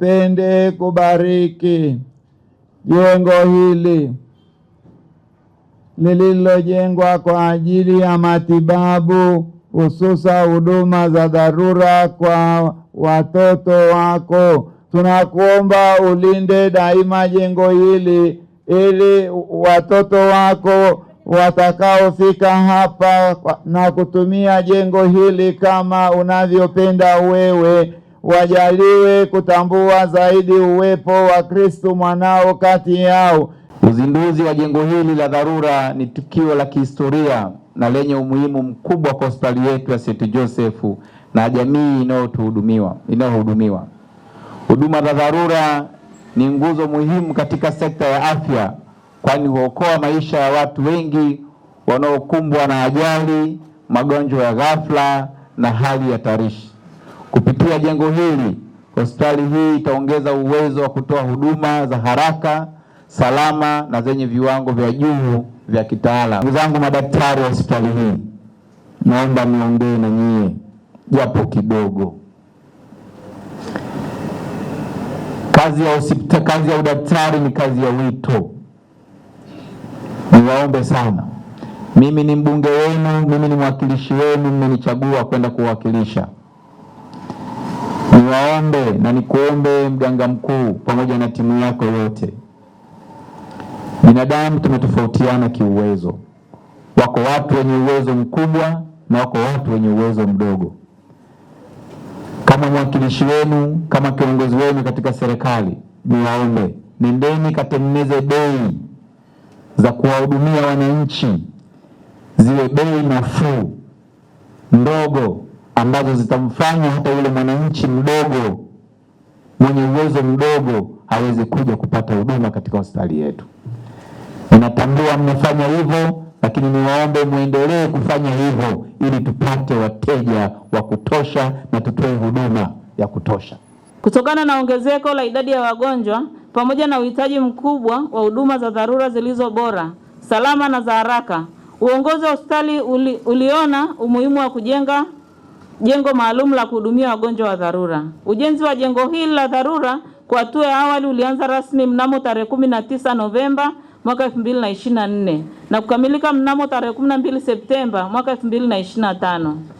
pende kubariki jengo hili lililojengwa kwa ajili ya matibabu, hususa huduma za dharura kwa watoto wako. Tunakuomba ulinde daima jengo hili, ili watoto wako watakaofika hapa na kutumia jengo hili kama unavyopenda wewe wajaliwe kutambua zaidi uwepo wa Kristo mwanao kati yao. Uzinduzi wa jengo hili la dharura ni tukio la kihistoria na lenye umuhimu mkubwa kwa hospitali yetu ya St. Joseph na jamii inayotuhudumiwa inayohudumiwa. Huduma za dharura ni nguzo muhimu katika sekta ya afya, kwani huokoa maisha ya watu wengi wanaokumbwa na ajali, magonjwa ya ghafla na hali ya tarishi. Kupitia jengo hili, hospitali hii itaongeza uwezo wa kutoa huduma za haraka, salama na zenye viwango vya juu vya kitaalamu. Ndugu zangu madaktari wa hospitali hii, naomba niongee na nyie japo kidogo. Kazi ya hospitali, kazi ya udaktari ni kazi ya wito. Niwaombe sana, mimi ni mbunge wenu, mimi ni mwakilishi wenu, mmenichagua kwenda kuwakilisha niwaombe na nikuombe mganga mkuu pamoja na timu yako yote. Binadamu tumetofautiana kiuwezo, wako watu wenye uwezo mkubwa na wako watu wenye uwezo mdogo. Kama mwakilishi wenu, kama kiongozi wenu katika serikali, niwaombe nendeni katengeneze bei za kuwahudumia wananchi ziwe bei nafuu ndogo ambazo zitamfanya hata yule mwananchi mdogo mwenye uwezo mdogo aweze kuja kupata huduma katika hospitali yetu. Ninatambua mnafanya hivyo, lakini niwaombe mwendelee kufanya hivyo ili tupate wateja wa kutosha na tutoe huduma ya kutosha. Kutokana na ongezeko la idadi ya wagonjwa pamoja na uhitaji mkubwa wa huduma za dharura zilizo bora, salama na za haraka, uongozi wa hospitali uli, uliona umuhimu wa kujenga jengo maalum la kuhudumia wagonjwa wa dharura. Ujenzi wa jengo hili la dharura kwa hatua ya awali ulianza rasmi mnamo tarehe 19 Novemba mwaka 2024 na kukamilika mnamo tarehe 12 Septemba mwaka 2025.